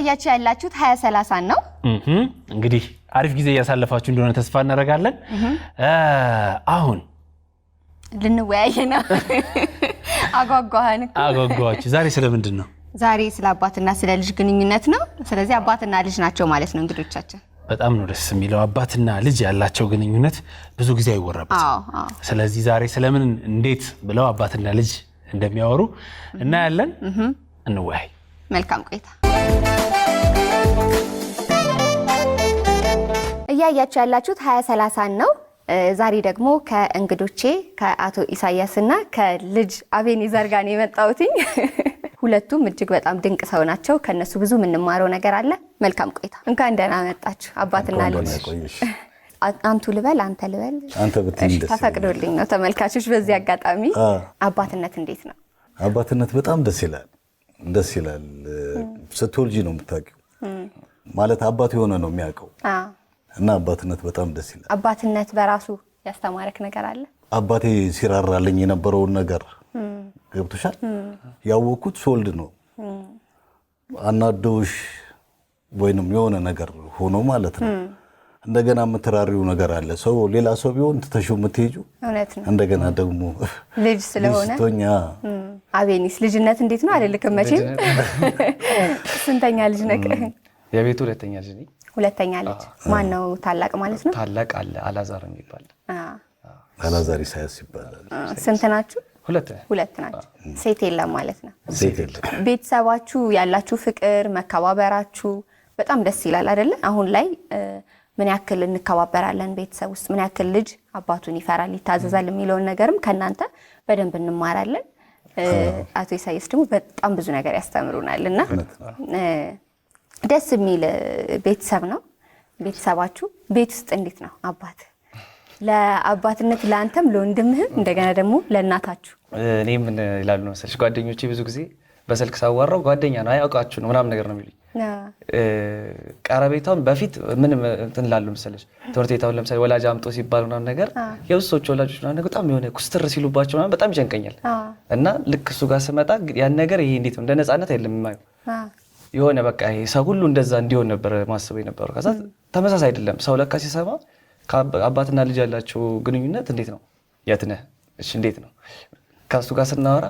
እያያችሁ ያላችሁት ሀያ ሰላሳን ነው። እንግዲህ አሪፍ ጊዜ እያሳለፋችሁ እንደሆነ ተስፋ እናደርጋለን። አሁን ልንወያየ ነው። አጓጓህን አጓጓችሁ። ዛሬ ስለምንድን ነው? ዛሬ ስለ አባትና ስለ ልጅ ግንኙነት ነው። ስለዚህ አባትና ልጅ ናቸው ማለት ነው እንግዶቻችን። በጣም ነው ደስ የሚለው አባትና ልጅ ያላቸው ግንኙነት ብዙ ጊዜ አይወራበት። ስለዚህ ዛሬ ስለምን እንዴት ብለው አባትና ልጅ እንደሚያወሩ እናያለን። እንወያይ። መልካም ቆይታ እያያችሁ ያላችሁት ሀያ ሰላሳን ነው። ዛሬ ደግሞ ከእንግዶቼ ከአቶ ኢሳያስ እና ከልጅ አቤኔዘር ጋር ነው የመጣሁትኝ። ሁለቱም እጅግ በጣም ድንቅ ሰው ናቸው። ከእነሱ ብዙ የምንማረው ነገር አለ። መልካም ቆይታ። እንኳን ደህና መጣችሁ አባትና ልጅ። አንቱ ልበል አንተ ልበል አንተ ተፈቅዶልኝ ነው። ተመልካቾች፣ በዚህ አጋጣሚ አባትነት እንዴት ነው? አባትነት በጣም ደስ ይላል። ደስ ይላል። ስትወልጂ ነው የምታውቂው። ማለት አባት የሆነ ነው የሚያውቀው እና አባትነት በጣም ደስ ይላል። አባትነት በራሱ ያስተማረክ ነገር አለ? አባቴ ሲራራልኝ የነበረውን ነገር ገብቶሻል። ያወቅኩት ሶልድ ነው አናዶሽ ወይንም የሆነ ነገር ሆኖ ማለት ነው። እንደገና የምትራሪው ነገር አለ። ሰው ሌላ ሰው ቢሆን ትተሽው የምትሄጁ እንደገና ደግሞ ልጅ ስለሆነ አቤኒስ ልጅነት እንዴት ነው አልልክም መቼም። ስንተኛ ልጅ ነህ? የቤቱ ሁለተኛ ልጅ ነኝ። ሁለተኛ ልጅ ማን ነው? ታላቅ ማለት ነው። ታላቅ አለ አላዛር የሚባል አላዛር ኢሳያስ ይባላል። ስንት ናችሁ? ሁለት ናቸው። ሴት የለም ማለት ነው። ሴት ቤተሰባችሁ ያላችሁ ፍቅር መከባበራችሁ በጣም ደስ ይላል አይደለ? አሁን ላይ ምን ያክል እንከባበራለን ቤተሰብ ውስጥ ምን ያክል ልጅ አባቱን ይፈራል ይታዘዛል የሚለውን ነገርም ከእናንተ በደንብ እንማራለን። አቶ ኢሳያስ ደግሞ በጣም ብዙ ነገር ያስተምሩናል እና ደስ የሚል ቤተሰብ ነው ቤተሰባችሁ። ቤት ውስጥ እንዴት ነው አባት ለአባትነት ለአንተም ለወንድምህም እንደገና ደግሞ ለእናታችሁ? እኔ ምን ይላሉ መሰለሽ ጓደኞቼ ብዙ ጊዜ በስልክ ሳዋራው ጓደኛ ነው አያውቃችሁ ነው ምናምን ነገር ነው የሚሉኝ። ቀረቤታውን በፊት ምን እንትን ላሉ መሰለሽ ትምህርት ቤታውን ለምሳሌ ወላጅ አምጦ ሲባል ምናምን ነገር የብሶች ወላጆች ምናምን በጣም የሆነ ኩስትር ሲሉባቸው ምናምን በጣም ይጨንቀኛል። እና ልክ እሱ ጋር ስመጣ ያን ነገር ይሄ እንዴት ነው እንደ ነፃነት አይደለም የማየው የሆነ በቃ ይሄ ሰው ሁሉ እንደዛ እንዲሆን ነበር ማስበው የነበረው። ከዛ ተመሳሳይ አይደለም ሰው ለካ ሲሰማ አባትና ልጅ ያላቸው ግንኙነት እንዴት ነው? የት ነህ? እሺ እንዴት ነው? ከሱ ጋር ስናወራ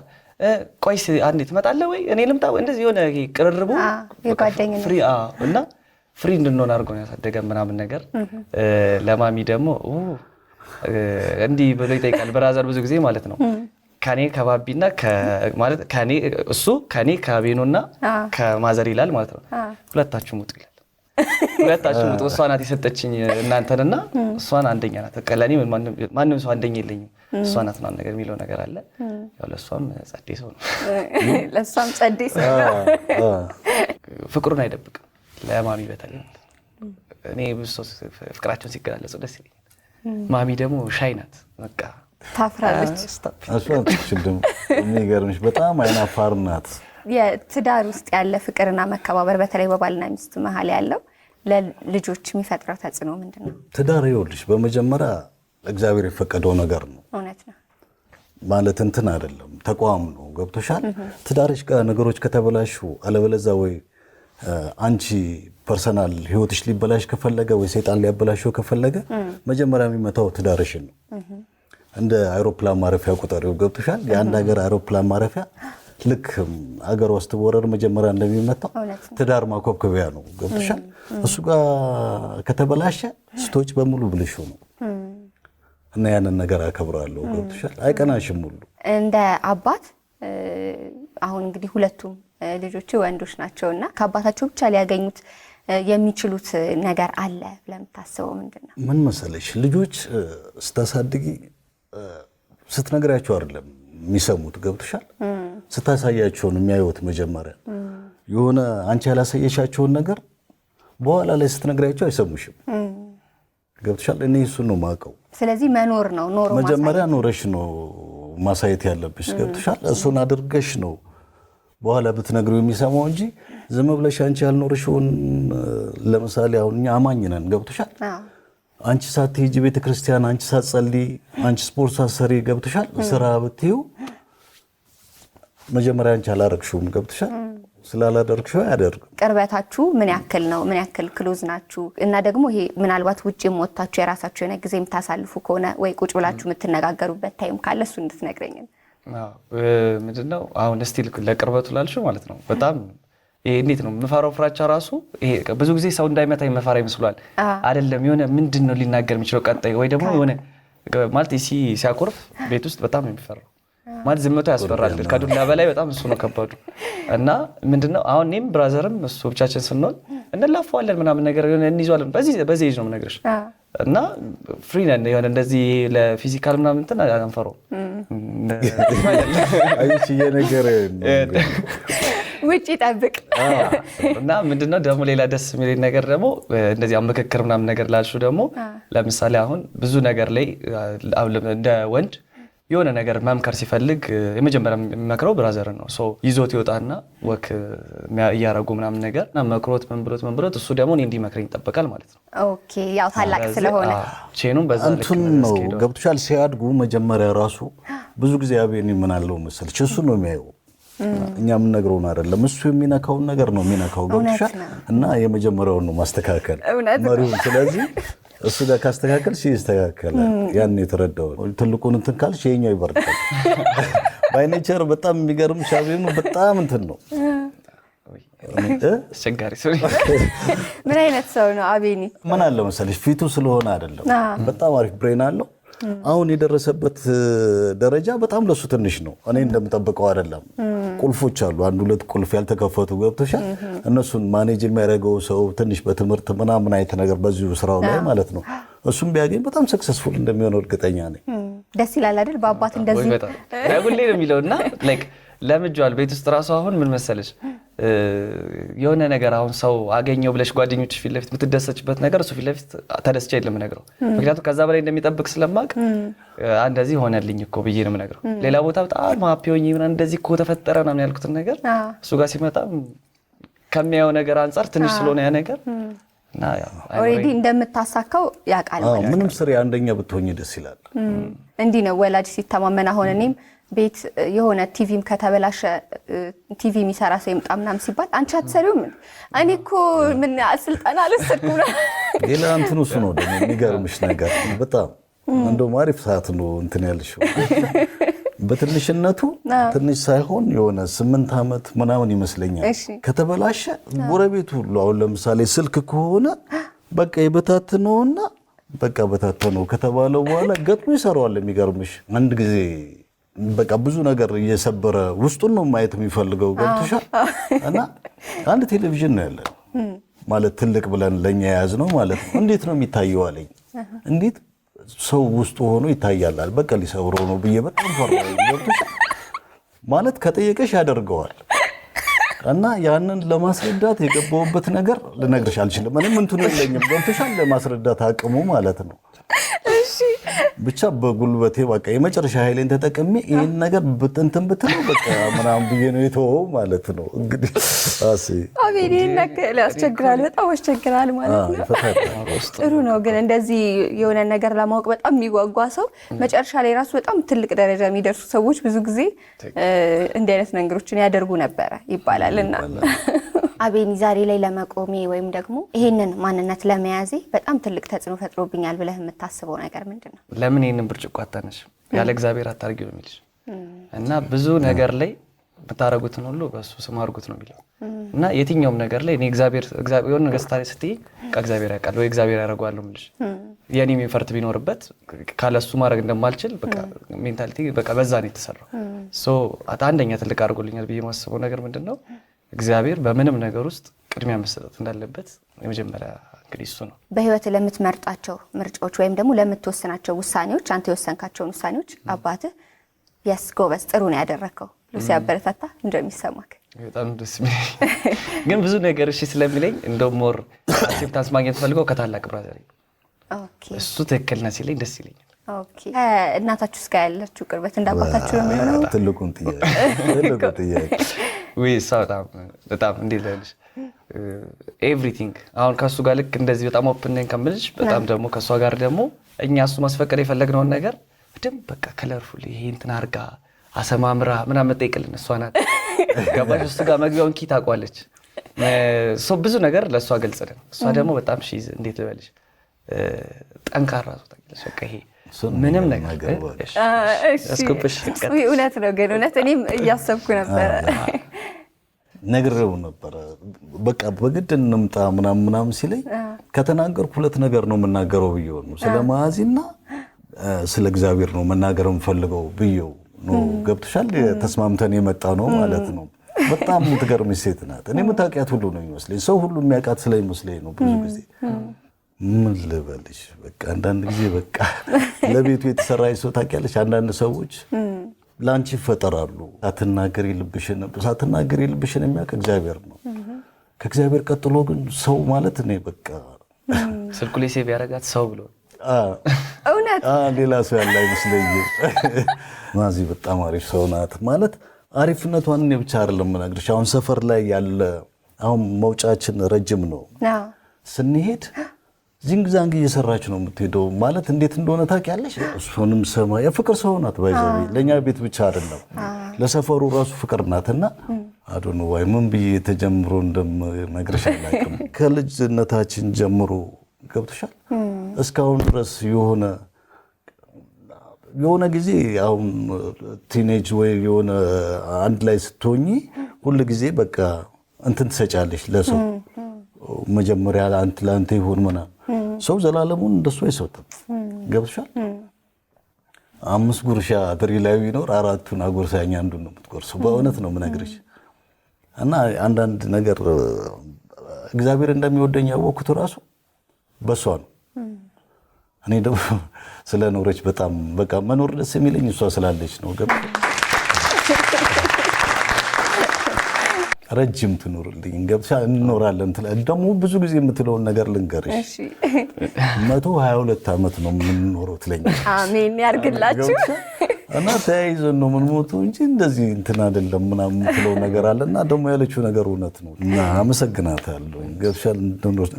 ቆይስ አንዴ ትመጣለህ ወይ እኔ ልምጣ እንደዚህ የሆነ ቅርርቡ ፍሪ እና ፍሪ እንድንሆን አድርጎን ያሳደገ ምናምን ነገር ለማሚ ደግሞ እንዲህ ብሎ ይጠይቃል። ብራዘር ብዙ ጊዜ ማለት ነው ከኔ ከባቢና ማለት ከኔ እሱ ከኔ እና ከማዘር ይላል ማለት ነው። ሁለታችሁ ሙጡ ይላል። ሁለታችሁ ሙጡ። እሷ ናት የሰጠችኝ እናንተን እናንተንና እሷን አንደኛ ናት። በቃ ለእኔ ማንም ሰው አንደኛ የለኝም እሷ ናት ምናምን ነገር የሚለው ነገር አለ። ያው ለእሷም ጸዴ ሰው ነው፣ ለእሷም ጸዴ ሰው ነው። ፍቅሩን አይደብቅም ለማሚ በተለይ እኔ ብሶ ፍቅራቸውን ሲገላለጹ ደስ ይለኛል። ማሚ ደግሞ ሻይ ናት በቃ ታፍራለች። አትችልም የሚገርምሽ በጣም አይናፋር ናት። የትዳር ውስጥ ያለ ፍቅርና መከባበር በተለይ በባልና ሚስት መሀል ያለው ለልጆች የሚፈጥረው ተጽዕኖ ምንድን ነው? ትዳር ይኸውልሽ፣ በመጀመሪያ እግዚአብሔር የፈቀደው ነገር ነው። እውነት ነው ማለት እንትን አይደለም፣ ተቋም ነው። ገብቶሻል? ትዳርሽ ጋር ነገሮች ከተበላሹ አለበለዛ ወይ አንቺ ፐርሰናል ህይወትሽ ሊበላሽ ከፈለገ ወይ ሴጣን ሊያበላሽው ከፈለገ መጀመሪያ የሚመታው ትዳርሽን ነው። እንደ አይሮፕላን ማረፊያ ቁጥር ገብቶሻል። የአንድ ሀገር አይሮፕላን ማረፊያ ልክ አገር ውስጥ በወረር መጀመሪያ እንደሚመታው ትዳር ማኮብኮቢያ ነው። ገብቶሻል። እሱ ጋር ከተበላሸ ስቶች በሙሉ ብልሹ ነው እና ያንን ነገር አከብራለሁ። ገብቶሻል። አይቀናሽም ሁሉ እንደ አባት አሁን እንግዲህ ሁለቱም ልጆች ወንዶች ናቸው እና ከአባታቸው ብቻ ሊያገኙት የሚችሉት ነገር አለ ብለህ የምታስበው ምንድን ነው? ምን መሰለሽ ልጆች ስታሳድጊ ስትነግራቸው አይደለም የሚሰሙት ገብቶሻል። ስታሳያቸውን የሚያዩት መጀመሪያ የሆነ አንቺ ያላሳየሻቸውን ነገር በኋላ ላይ ስትነግራቸው አይሰሙሽም። ገብቶሻል። እኔ እሱን ነው የማውቀው። ስለዚህ መኖር ነው ኖሮ መጀመሪያ ኖረሽ ነው ማሳየት ያለብሽ። ገብቶሻል። እሱን አድርገሽ ነው በኋላ ብትነግሩ የሚሰማው እንጂ ዝም ብለሽ አንቺ ያልኖርሽውን ለምሳሌ አሁን እኛ አማኝ ነን። ገብቶሻል አንቺ ሳትሄጂ ቤተክርስቲያን፣ አንቺ ሳትጸልይ፣ አንቺ ስፖርት ሳትሰሪ ገብተሻል ስራ ብትዩ መጀመሪያ አንቺ አላረግሽውም። ገብተሻል ስላላደርግሽው አያደርግም። ቅርበታችሁ ምን ያክል ነው? ምን ያክል ክሎዝ ናችሁ? እና ደግሞ ይሄ ምናልባት ውጭ ወጥታችሁ የራሳችሁ የሆነ ጊዜ የምታሳልፉ ከሆነ ወይ ቁጭ ብላችሁ የምትነጋገሩበት ታይም ካለ እሱ እንድትነግረኝ ምንድነው። አሁን ስቲል ለቅርበቱ ላልሽው ማለት ነው በጣም እንዴት ነው የምፈራው ፍራቻ ራሱ ይሄ ብዙ ጊዜ ሰው እንዳይመታ መፈራ ይመስሏል። አይደለም የሆነ ምንድን ነው ሊናገር የሚችለው ቀጣይ ወይ ደግሞ የሆነ ማለት ሲያኮርፍ ቤት ውስጥ በጣም የሚፈራው ማለት ዝምቶ ያስፈራል። ከዱላ በላይ በጣም እሱ ነው ከባዱ። እና ምንድነው አሁን እኔም ብራዘርም እሱ ብቻችን ስንሆን እንላፈዋለን ምናምን ነገር እንይዟለን። በዚህ ልጅ ነው የምነግርሽ። እና ፍሪ ነን የሆነ እንደዚህ ለፊዚካል ምናምን እንትን አንፈራውም። እየነገረ ውጭ ይጠብቅ እና ምንድነው ደግሞ ሌላ ደስ የሚል ነገር ደግሞ እንደዚህ ምክክር ምናምን ነገር ላልሹ ደግሞ ለምሳሌ አሁን ብዙ ነገር ላይ እንደ ወንድ የሆነ ነገር መምከር ሲፈልግ የመጀመሪያ የሚመክረው ብራዘርን ነው። ይዞት ይወጣና ወክ እያረጉ ምናምን ነገር እና መክሮት ምን ብሎት ምን ብሎት እሱ ደግሞ እኔ እንዲመክረኝ ይጠበቃል ማለት ነው። ኦኬ ያው ታላቅ ስለሆነ ቼኑም በዛ እንትን ነው ገብቶሻል። ሲያድጉ መጀመሪያ ራሱ ብዙ ጊዜ አብ ምን አለው መሰለች እሱ ነው የሚያየው እኛ የምንነግረውን አይደለም፣ እሱ የሚነካውን ነገር ነው የሚነካው። ገብቶሻል? እና የመጀመሪያውን ነው ማስተካከል መሪውን። ስለዚህ እሱ ጋር ካስተካከል ሲ ይስተካከላል። ያን የተረዳው ትልቁን እንትን ካል የኛው ይበርዳል። ባይኔቸር በጣም የሚገርም ነው። በጣም እንትን ነው አስቸጋሪ ሰው። ምን አይነት ሰው ነው አቤኒ? ምን አለ መሰለሽ ፊቱ ስለሆነ አይደለም፣ በጣም አሪፍ ብሬን አለው አሁን የደረሰበት ደረጃ በጣም ለሱ ትንሽ ነው። እኔ እንደምጠብቀው አይደለም። ቁልፎች አሉ፣ አንድ ሁለት ቁልፍ ያልተከፈቱ ገብቶሻል። እነሱን ማኔጅ የሚያደርገው ሰው ትንሽ በትምህርት ምናምን አይነት ነገር በዚሁ ስራው ላይ ማለት ነው እሱም ቢያገኝ በጣም ሰክሰስፉል እንደሚሆነው እርግጠኛ ነኝ። ደስ ይላል አይደል? በአባት እንደዚህ ነው የሚለውና ለምጇል። ቤት ውስጥ ራሱ አሁን ምን መሰለች የሆነ ነገር አሁን ሰው አገኘው ብለሽ ጓደኞች ፊት ለፊት የምትደሰችበት ነገር እሱ ፊት ለፊት ተደስቻ የለም ነግረው። ምክንያቱም ከዛ በላይ እንደሚጠብቅ ስለማቅ እንደዚህ ሆነልኝ እኮ ብዬ ነው የምነግረው። ሌላ ቦታ በጣም ሀፒ ሆኜ እንደዚህ እኮ ተፈጠረ ምናምን ያልኩትን ነገር እሱ ጋር ሲመጣ ከሚያየው ነገር አንጻር ትንሽ ስለሆነ ያ ነገር ኦልሬዲ እንደምታሳካው ያውቃል። ምንም ስሪ አንደኛ ብትሆኝ ደስ ይላል። እንዲህ ነው ወላጅ ሲተማመን አሁን እኔም ቤት የሆነ ቲቪም ከተበላሸ ቲቪ የሚሰራ ሰው ይምጣ ምናምን ሲባል አንቺ አትሰሪውም እኔ እኮ ምን ስልጠና አልወሰድኩም። ሌላ እንትኑ እሱ ነው ደግሞ የሚገርምሽ ነገር በጣም እንደውም አሪፍ ሰዓት ነው እንትን ያልሽው በትንሽነቱ ትንሽ ሳይሆን የሆነ ስምንት ዓመት ምናምን ይመስለኛል ከተበላሸ ጎረቤቱ ሁሉ አሁን ለምሳሌ ስልክ ከሆነ በቃ የበታተነውና በቃ በታተነው ከተባለው በኋላ ገጥሞ ይሰራዋል። የሚገርምሽ አንድ ጊዜ በቃ ብዙ ነገር እየሰበረ ውስጡን ነው ማየት የሚፈልገው ገብቶሻል። እና አንድ ቴሌቪዥን ነው ያለን ማለት ትልቅ ብለን ለእኛ የያዝ ነው ማለት ነው። እንዴት ነው የሚታየው አለኝ። እንዴት ሰው ውስጡ ሆኖ ይታያላል። በቃ ሊሰብረው ነው ብዬ በጣም ፈራ። ማለት ከጠየቀሽ ያደርገዋል። እና ያንን ለማስረዳት የገባሁበት ነገር ልነግርሽ አልችልም። ምንም እንትኑ የለኝም። ገብቶሻል። ለማስረዳት አቅሙ ማለት ነው ብቻ በጉልበቴ በቃ የመጨረሻ ኃይሌን ተጠቅሜ ይህን ነገር ብትንትን ብትለው በቃ ምናምን ብዬ ነው የተወው ማለት ነው። እንግዲህ አቤት ይህን ያክል ያስቸግራል፣ በጣም ያስቸግራል ማለት ነው። ጥሩ ነው ግን እንደዚህ የሆነ ነገር ለማወቅ በጣም የሚጓጓ ሰው መጨረሻ ላይ ራሱ በጣም ትልቅ ደረጃ የሚደርሱ ሰዎች ብዙ ጊዜ እንዲህ አይነት ነገሮችን ያደርጉ ነበረ ይባላል እና አቤኒ ዛሬ ላይ ለመቆሜ ወይም ደግሞ ይህንን ማንነት ለመያዜ በጣም ትልቅ ተጽዕኖ ፈጥሮብኛል ብለህ የምታስበው ነገር ምንድን ነው? ለምን ይህንን ብርጭቆ አታነሽ ያለ እግዚአብሔር አታርጊ በሚልሽ እና ብዙ ነገር ላይ የምታደርጉትን ሁሉ በሱ ስም አድርጉት ነው የሚለው እና የትኛውም ነገር ላይ ሆን ገስታ ስት ከእግዚአብሔር ያውቃል ወይ እግዚአብሔር ያደረጓለሁ ምልሽ የእኔ የሚፈርት ቢኖርበት ካለሱ ማድረግ እንደማልችል ሜንታሊቲ በዛ ነው የተሰራው። አንደኛ ትልቅ አድርጎልኛል ብዬ ማስበው ነገር ምንድን ነው እግዚአብሔር በምንም ነገር ውስጥ ቅድሚያ መሰጠት እንዳለበት የመጀመሪያ እንግዲህ እሱ ነው። በህይወት ለምትመርጣቸው ምርጫዎች ወይም ደግሞ ለምትወስናቸው ውሳኔዎች አንተ የወሰንካቸውን ውሳኔዎች አባትህ የስ ጎበዝ፣ ጥሩ ነው ያደረግከው ብሎ ሲያበረታታ እንደሚሰማክ በጣም ደስ ግን ብዙ ነገር እሺ ስለሚለኝ እንደ ሞር አክሴፕታንስ ማግኘት ፈልገው ከታላቅ ብራዘር እሱ ትክክል ነህ ሲለኝ ደስ ይለኛል። እናታችሁ እስጋ ያለችው ቅርበት እንዳባታችሁ ነው የሚሆነው። ትልቁን ጥያቄ በጣም እንዴት ኤቭሪቲንግ አሁን ከእሱ ጋር ልክ እንደዚህ በጣም ኦፕን ነኝ ከምልሽ በጣም ደግሞ ከእሷ ጋር ደግሞ እኛ እሱ ማስፈቀድ የፈለግነውን ነገር በደንብ በቃ ከለርፉል ይሄ እንትን አሰማምራ ምናምን መጠይቅልን እሷ ናት። ገባሽ? እሱ ጋር መግቢያውን ኪ ታውቋለች። ብዙ ነገር ለእሷ ገልጽልን። እሷ ደግሞ በጣም እንዴት ልበልሽ ጠንካራ ሰው ታውቂያለሽ። በቃ ይሄ ምንም ነገር ያስኩብሽ። እውነት ነው ግን እውነት እኔም እያሰብኩ ነበረ፣ ነግሬው ነበረ። በቃ በግድ እንምጣ ምናምን ምናምን ሲለኝ ከተናገርኩ ሁለት ነገር ነው የምናገረው ብዬው ነው ስለ መዓዚና ስለ እግዚአብሔር ነው መናገር የምፈልገው ብዬው ነው። ገብቶሻል? ተስማምተን የመጣ ነው ማለት ነው። በጣም የምትገርም ሴት ናት። እኔ የምታውቂያት ሁሉ ነው የሚመስለኝ፣ ሰው ሁሉ የሚያውቃት ስለ ይመስለኝ ነው ብዙ ጊዜ ምን ልበልሽ፣ በቃ አንዳንድ ጊዜ በቃ ለቤቱ የተሰራ ሰው ታውቂያለሽ፣ አንዳንድ ሰዎች ለአንቺ ይፈጠራሉ። ሳትናገር የልብሽን ሳትናገር የልብሽን የሚያውቅ እግዚአብሔር ነው። ከእግዚአብሔር ቀጥሎ ግን ሰው ማለት እኔ በቃ ስልኩ ላይ ሴቭ ያደረጋት ሰው ብሎ እውነት ሌላ ሰው ያለ አይመስለኝም። ማዚ በጣም አሪፍ ሰው ናት። ማለት አሪፍነቷን እኔ ብቻ አይደለም የምነግርሽ። አሁን ሰፈር ላይ ያለ አሁን መውጫችን ረጅም ነው ስንሄድ ዚንግ ዛንግ እየሰራች ነው የምትሄደው። ማለት እንዴት እንደሆነ ታውቂያለሽ። እሱንም ሰማ የፍቅር ሰው ናት። ባይዘቤ ለእኛ ቤት ብቻ አይደለም ለሰፈሩ ራሱ ፍቅር ናትና አዶነ ዋይ ምን ብዬ ተጀምሮ እንደምነግርሽ አላውቅም። ከልጅነታችን ጀምሮ ገብቶሻል እስካሁን ድረስ የሆነ የሆነ ጊዜ አሁን ቲኔጅ ወይ የሆነ አንድ ላይ ስትሆኚ ሁል ጊዜ በቃ እንትን ትሰጫለሽ ለሰው መጀመሪያ ለአንት ለአንተ ይሆን ምና ሰው ዘላለሙን እንደሱ አይሰጥም። ገብሻል። አምስት ጉርሻ ትሪ ላይ ቢኖር አራቱን አጎርሳኝ አንዱ ነው የምትጎርሰው። በእውነት ነው የምነግርሽ። እና አንዳንድ ነገር እግዚአብሔር እንደሚወደኝ ያወቅኩት እራሱ በእሷ ነው። እኔ ደግሞ ስለኖረች በጣም በቃ መኖር ደስ የሚለኝ እሷ ስላለች ነው። ገብቶ ረጅም ትኑርልኝ ገብቻ እንኖራለን። ደግሞ ብዙ ጊዜ የምትለውን ነገር ልንገርሽ፣ መቶ ሀያ ሁለት ዓመት ነው የምንኖረው ትለኛለሽ። አሜን ያርግላችሁ እና ተያይዘን ነው ምንሞቱ እንጂ እንደዚህ እንትን አይደለም ምናምን የምትለው ነገር አለ እና ደግሞ ያለችው ነገር እውነት ነው እና አመሰግናታለሁ ገብቻ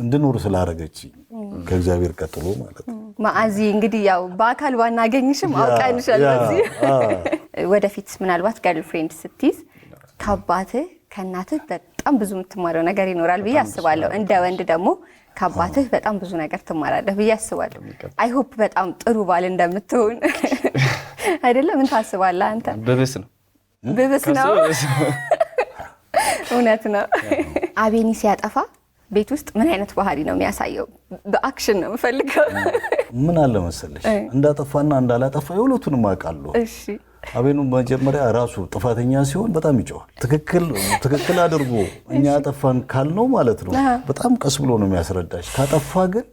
እንድኖር ስላረገች ከእግዚአብሔር ቀጥሎ ማለት ነው። ማአዚ እንግዲህ ያው በአካል ባናገኝሽም አውቃንሻል። በዚህ ወደፊት ምናልባት ገርል ፍሬንድ ስትይዝ ከአባትህ ከእናትህ በጣም ብዙ የምትማረው ነገር ይኖራል ብዬ አስባለሁ። እንደ ወንድ ደግሞ ከአባትህ በጣም ብዙ ነገር ትማራለህ ብዬ አስባለሁ። አይሆፕ በጣም ጥሩ ባል እንደምትሆን አይደለም። ምን ታስባለህ አንተ? ብብስ ነው ብብስ ነው። እውነት ነው። አቤኒ ሲያጠፋ ቤት ውስጥ ምን አይነት ባህሪ ነው የሚያሳየው? በአክሽን ነው የምፈልገው። ምን አለ መሰለሽ እንዳጠፋና እንዳላጠፋ የሁለቱንም አውቃለሁ። እሺ አቤኑ መጀመሪያ ራሱ ጥፋተኛ ሲሆን በጣም ይጮዋል። ትክክል ትክክል አድርጎ እኛ አጠፋን ካልነው ማለት ነው በጣም ቀስ ብሎ ነው የሚያስረዳሽ። ካጠፋ ግን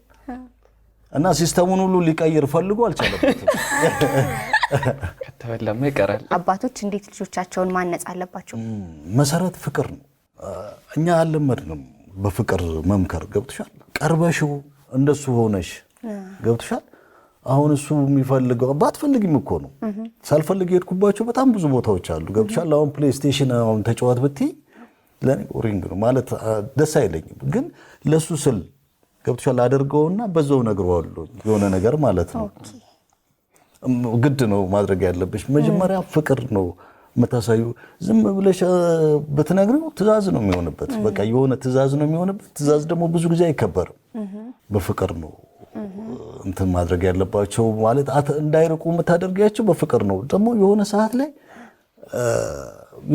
እና ሲስተሙን ሁሉ ሊቀይር ፈልጎ አልቻለበትም። ይቀራል። አባቶች እንዴት ልጆቻቸውን ማነጽ አለባቸው? መሰረት ፍቅር ነው። እኛ አልለመድንም በፍቅር መምከር። ገብቶሻል? ቀርበሽው እንደሱ ሆነሽ ገብቶሻል? አሁን እሱ የሚፈልገው ባትፈልግም እኮ ነው። ሳልፈልግ የሄድኩባቸው በጣም ብዙ ቦታዎች አሉ። ገብቶሻል። አሁን ፕሌይስቴሽን አሁን ተጫዋት ብትይ ለእኔ ሪንግ ነው ማለት ደስ አይለኝም፣ ግን ለእሱ ስል ገብቶሻል አደርገውና በዛው እነግረዋለሁ የሆነ ነገር ማለት ነው። ግድ ነው ማድረግ ያለብሽ። መጀመሪያ ፍቅር ነው የምታሳዩ። ዝም ብለሽ ብትነግሪው ትእዛዝ ነው የሚሆንበት። በቃ የሆነ ትእዛዝ ነው የሚሆንበት። ትእዛዝ ደግሞ ብዙ ጊዜ አይከበርም። በፍቅር ነው እንትን ማድረግ ያለባቸው ማለት እንዳይርቁ የምታደርጊያቸው በፍቅር ነው። ደግሞ የሆነ ሰዓት ላይ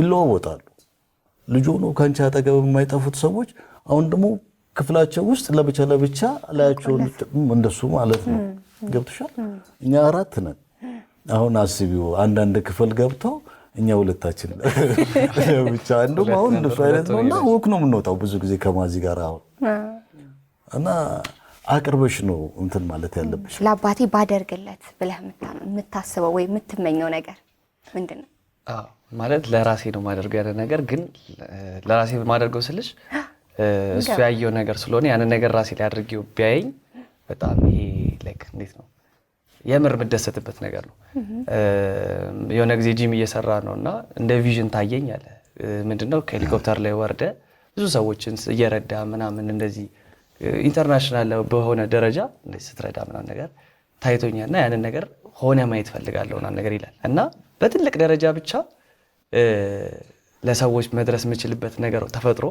ይለዋወጣሉ። ልጆ ነው ከአንቺ አጠገብ የማይጠፉት ሰዎች አሁን ደግሞ ክፍላቸው ውስጥ ለብቻ ለብቻ ላያቸውን እንደሱ ማለት ነው። ገብቶሻል። እኛ አራት ነን። አሁን አስቢው አንዳንድ ክፍል ገብተው እኛ ሁለታችን ብቻ እንደውም አሁን እንደሱ አይነት ነው እና ውክ ነው የምንወጣው ብዙ ጊዜ ከማዚ ጋር አሁን እና አቅርበሽ ነው እንትን ማለት ያለብሽ። ለአባቴ ባደርግለት ብለህ የምታስበው ወይ የምትመኘው ነገር ምንድን ነው? ማለት ለራሴ ነው ማደርገው ያለ ነገር ግን ለራሴ ማደርገው ስልሽ እሱ ያየው ነገር ስለሆነ ያንን ነገር ራሴ ላይ አድርጌው ቢያየኝ በጣም ይሄ እንዴት ነው የምር የምደሰትበት ነገር ነው። የሆነ ጊዜ ጂም እየሰራ ነው እና እንደ ቪዥን ታየኝ አለ ምንድነው ከሄሊኮፕተር ላይ ወርደ ብዙ ሰዎችን እየረዳ ምናምን እንደዚህ ኢንተርናሽናል በሆነ ደረጃ ስትረዳ ምናምን ነገር ታይቶኛል እና ያንን ነገር ሆነ ማየት ፈልጋለሁ ምናምን ነገር ይላል እና በትልቅ ደረጃ ብቻ ለሰዎች መድረስ የምችልበት ነገር ተፈጥሮ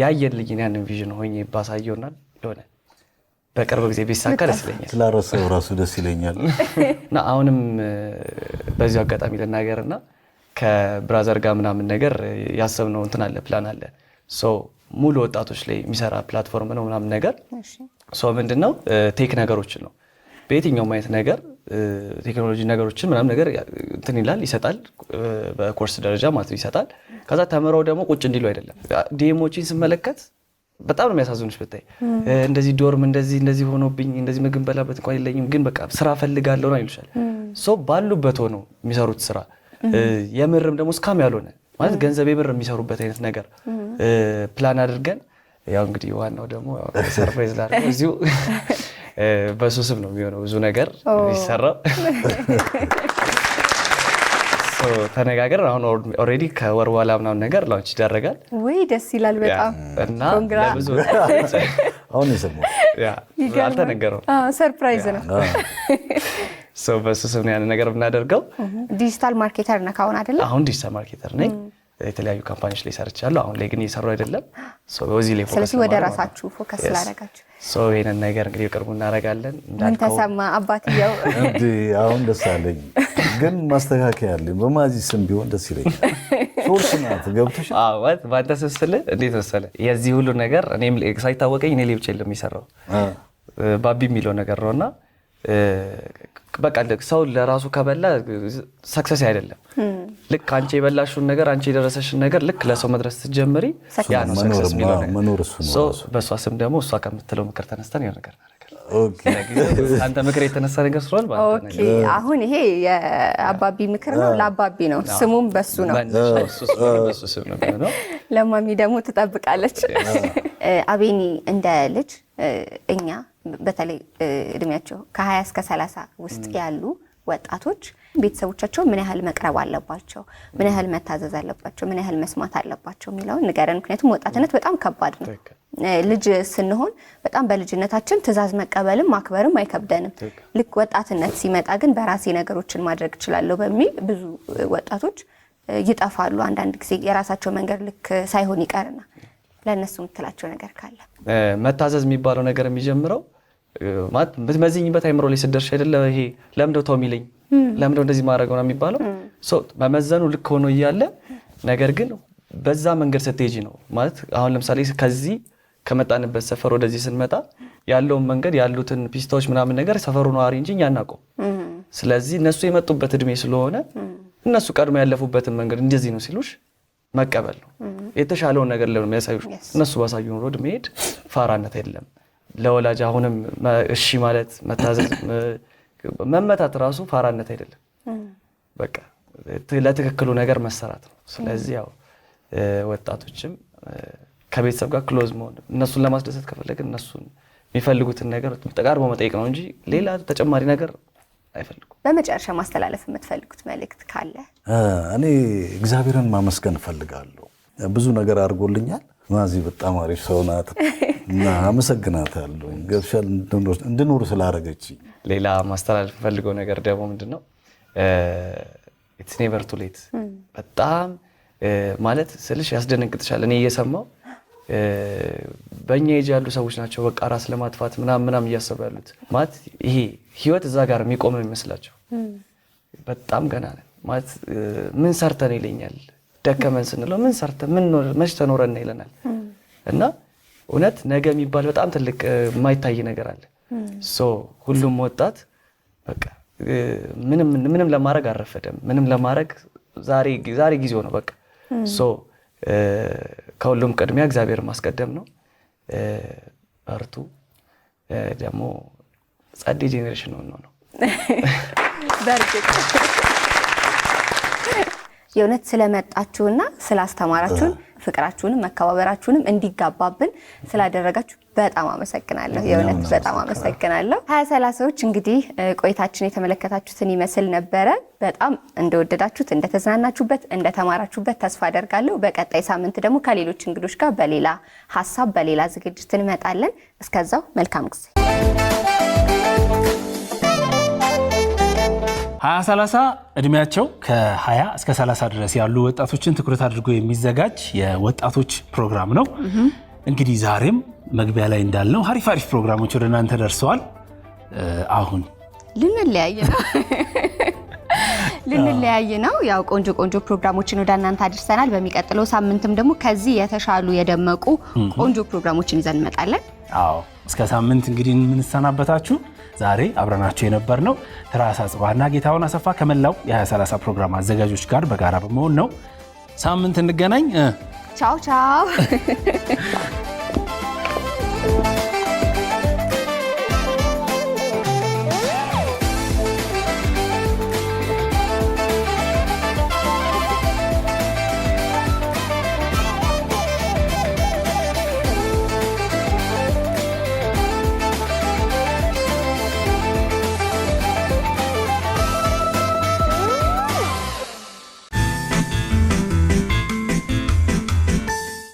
ያየልኝን ያንን ቪዥን ሆኜ ባሳየውና የሆነ በቅርብ ጊዜ ቢሳካ ደስ ይለኛል። ስላረሰው ራሱ ደስ ይለኛል እና አሁንም በዚሁ አጋጣሚ ልናገርና ከብራዘር ጋር ምናምን ነገር ያሰብነው እንትን አለ ፕላን አለ ሙሉ ወጣቶች ላይ የሚሰራ ፕላትፎርም ነው ምናምን ነገር ሶ ምንድን ነው ቴክ ነገሮችን ነው በየትኛውም አይነት ነገር ቴክኖሎጂ ነገሮችን ምናምን ነገር እንትን ይላል ይሰጣል፣ በኮርስ ደረጃ ማለት ነው ይሰጣል። ከዛ ተምረው ደግሞ ቁጭ እንዲሉ አይደለም። ዲሞችን ስመለከት በጣም ነው የሚያሳዝኖች ብታይ እንደዚህ ዶርም እንደዚህ እንደዚህ ሆኖብኝ እንደዚህ ምግብ በላበት እንኳን የለኝም፣ ግን በቃ ስራ ፈልጋለሁ ነው አይሉሻል ሶ ባሉበት ሆነው የሚሰሩት ስራ የምርም ደግሞ እስካም ያልሆነ ማለት ገንዘብ የምር የሚሰሩበት አይነት ነገር ፕላን አድርገን ያው እንግዲህ ዋናው ደግሞ ሰርፕራይዝ ላድርገው እዚሁ በሱ ስም ነው የሚሆነው። ብዙ ነገር ይሰራው ተነጋገር። አሁን ኦልሬዲ ከወር በኋላ ምናምን ነገር ላውንች ይደረጋል። ወይ ደስ ይላል በጣም እና አሁን የሰማሁት ሰርፕራይዝ ነው። በሱ ስም ነው ያን ነገር የምናደርገው። ዲጂታል ማርኬተር ነህ አሁን አይደለ? አሁን ዲጂታል ማርኬተር ነኝ። የተለያዩ ካምፓኒዎች ላይ ሰርቻለሁ። አሁን ላይ ግን እየሰሩ አይደለም። በዚህ ላይ ስለዚህ ወደ ራሳችሁ ፎከስ ስላደረጋችሁ ይህንን ነገር እንግዲህ ቅርቡ እናደርጋለን። ምን ተሰማ አባትየው? አሁን ደስ አለኝ፣ ግን ማስተካከያ አለኝ። በማዚ ስም ቢሆን ደስ ይለኛል። ሶርስ ናት ገብቶሽ በአንተ ስስል እንዴት መሰለህ የዚህ ሁሉ ነገር ሳይታወቀኝ እኔ ሌብቻ ብቻ የለም የሚሰራው ባቢ የሚለው ነገር ነው እና በቃ ሰው ለራሱ ከበላ ሰክሰስ አይደለም። ልክ አንቺ የበላሽውን ነገር አንቺ የደረሰሽን ነገር ልክ ለሰው መድረስ ስትጀምሪ ያ ነው ሰክሰስ የሚለው በእሷ ስም ደግሞ እሷ ከምትለው ምክር ተነስተን የሆነ ነገር አንተ ምክር የተነሳ ነገር ስለሆነ አሁን ይሄ የአባቢ ምክር ነው። ለአባቢ ነው፣ ስሙም በሱ ነው። ለማሚ ደግሞ ትጠብቃለች። አቤኒ እንደ ልጅ እኛ በተለይ እድሜያቸው ከ20 እስከ 30 ውስጥ ያሉ ወጣቶች ቤተሰቦቻቸው ምን ያህል መቅረብ አለባቸው፣ ምን ያህል መታዘዝ አለባቸው፣ ምን ያህል መስማት አለባቸው የሚለውን ንገረን። ምክንያቱም ወጣትነት በጣም ከባድ ነው። ልጅ ስንሆን በጣም በልጅነታችን ትዕዛዝ መቀበልም ማክበርም አይከብደንም። ልክ ወጣትነት ሲመጣ ግን በራሴ ነገሮችን ማድረግ እችላለሁ በሚል ብዙ ወጣቶች ይጠፋሉ። አንዳንድ ጊዜ የራሳቸው መንገድ ልክ ሳይሆን ይቀርና ለእነሱ የምትላቸው ነገር ካለ መታዘዝ የሚባለው ነገር የሚጀምረው ማለት በመዝኝበት አይምሮ ላይ ስደርሽ አይደለ ይሄ ለምደው ተው የሚለኝ ለምደው እንደዚህ ማድረገው ነው የሚባለው። በመዘኑ ልክ ሆኖ እያለ ነገር ግን በዛ መንገድ ስትሄጂ ነው ማለት አሁን ለምሳሌ ከዚህ ከመጣንበት ሰፈር ወደዚህ ስንመጣ ያለውን መንገድ ያሉትን ፒስታዎች ምናምን ነገር ሰፈሩ ነዋሪ እንጂ እኛ አናውቀው። ስለዚህ እነሱ የመጡበት እድሜ ስለሆነ እነሱ ቀድሞ ያለፉበትን መንገድ እንደዚህ ነው ሲሉሽ መቀበል ነው የተሻለውን ነገር ለሚያሳዩ እነሱ ባሳዩ ኑሮ እድሜ ፋራነት የለም። ለወላጅ አሁንም እሺ ማለት መታዘዝ፣ መመታት ራሱ ፋራነት አይደለም። በቃ ለትክክሉ ነገር መሰራት ነው። ስለዚህ ያው ወጣቶችም ከቤተሰብ ጋር ክሎዝ መሆን እነሱን ለማስደሰት ከፈለግን እነሱን የሚፈልጉትን ነገር ተቃርቦ መጠየቅ ነው እንጂ ሌላ ተጨማሪ ነገር አይፈልጉም። በመጨረሻ ማስተላለፍ የምትፈልጉት መልእክት ካለ? እኔ እግዚአብሔርን ማመስገን እፈልጋለሁ። ብዙ ነገር አድርጎልኛል። ማዚ በጣም አሪፍ ሰው ናት እና አመሰግናታለሁ። ገብሻል እንድኖር ስላረገች። ሌላ ማስተላለፍ የምፈልገው ነገር ደግሞ ምንድን ነው ኢትስ ኔቨር ቱ ሌት። በጣም ማለት ስልሽ ያስደነግጥሻል። እኔ እየሰማው በእኛ ጅ ያሉ ሰዎች ናቸው በቃ ራስ ለማጥፋት ምናምን ምናምን እያሰቡ ያሉት ማለት ይሄ ህይወት እዛ ጋር የሚቆመው የሚመስላቸው በጣም ገና ነን ማለት ምን ሰርተን ይለኛል ደከመን ስንለው ምን ሰርተ ምን መች ተኖረን ይለናል። እና እውነት ነገ የሚባል በጣም ትልቅ የማይታይ ነገር አለ። ሁሉም ወጣት በቃ ምንም ለማድረግ አረፈደም። ምንም ለማድረግ ዛሬ ጊዜው ነው። በቃ ከሁሉም ቅድሚያ እግዚአብሔር ማስቀደም ነው። በርቱ። ደግሞ ጸዴ ጄኔሬሽን ነው ነው የእውነት ስለመጣችሁና ስላስተማራችሁን ፍቅራችሁንም መከባበራችሁንም እንዲጋባብን ስላደረጋችሁ በጣም አመሰግናለሁ። የእውነት በጣም አመሰግናለሁ። ሀያ ሰላሳዎች እንግዲህ ቆይታችን የተመለከታችሁትን ይመስል ነበረ። በጣም እንደወደዳችሁት፣ እንደተዝናናችሁበት፣ እንደተማራችሁበት ተስፋ አደርጋለሁ። በቀጣይ ሳምንት ደግሞ ከሌሎች እንግዶች ጋር በሌላ ሀሳብ በሌላ ዝግጅት እንመጣለን። እስከዛው መልካም ጊዜ 2030 እድሜያቸው ከ20 እስከ 30 ድረስ ያሉ ወጣቶችን ትኩረት አድርጎ የሚዘጋጅ የወጣቶች ፕሮግራም ነው። እንግዲህ ዛሬም መግቢያ ላይ እንዳልነው ሀሪፍ ሀሪፍ ፕሮግራሞች ወደ እናንተ ደርሰዋል። አሁን ልንለያየ ነው ልንለያይ ነው። ያው ቆንጆ ቆንጆ ፕሮግራሞችን ወደ እናንተ አድርሰናል። በሚቀጥለው ሳምንትም ደግሞ ከዚህ የተሻሉ የደመቁ ቆንጆ ፕሮግራሞችን ይዘን እንመጣለን። አዎ እስከ ሳምንት እንግዲህ የምንሰናበታችሁ ዛሬ አብረናችሁ የነበር ነው ትራሳ ጽባህና ጌታሁን አሰፋ ከመላው የ 230 ፕሮግራም አዘጋጆች ጋር በጋራ በመሆን ነው። ሳምንት እንገናኝ። ቻው ቻው።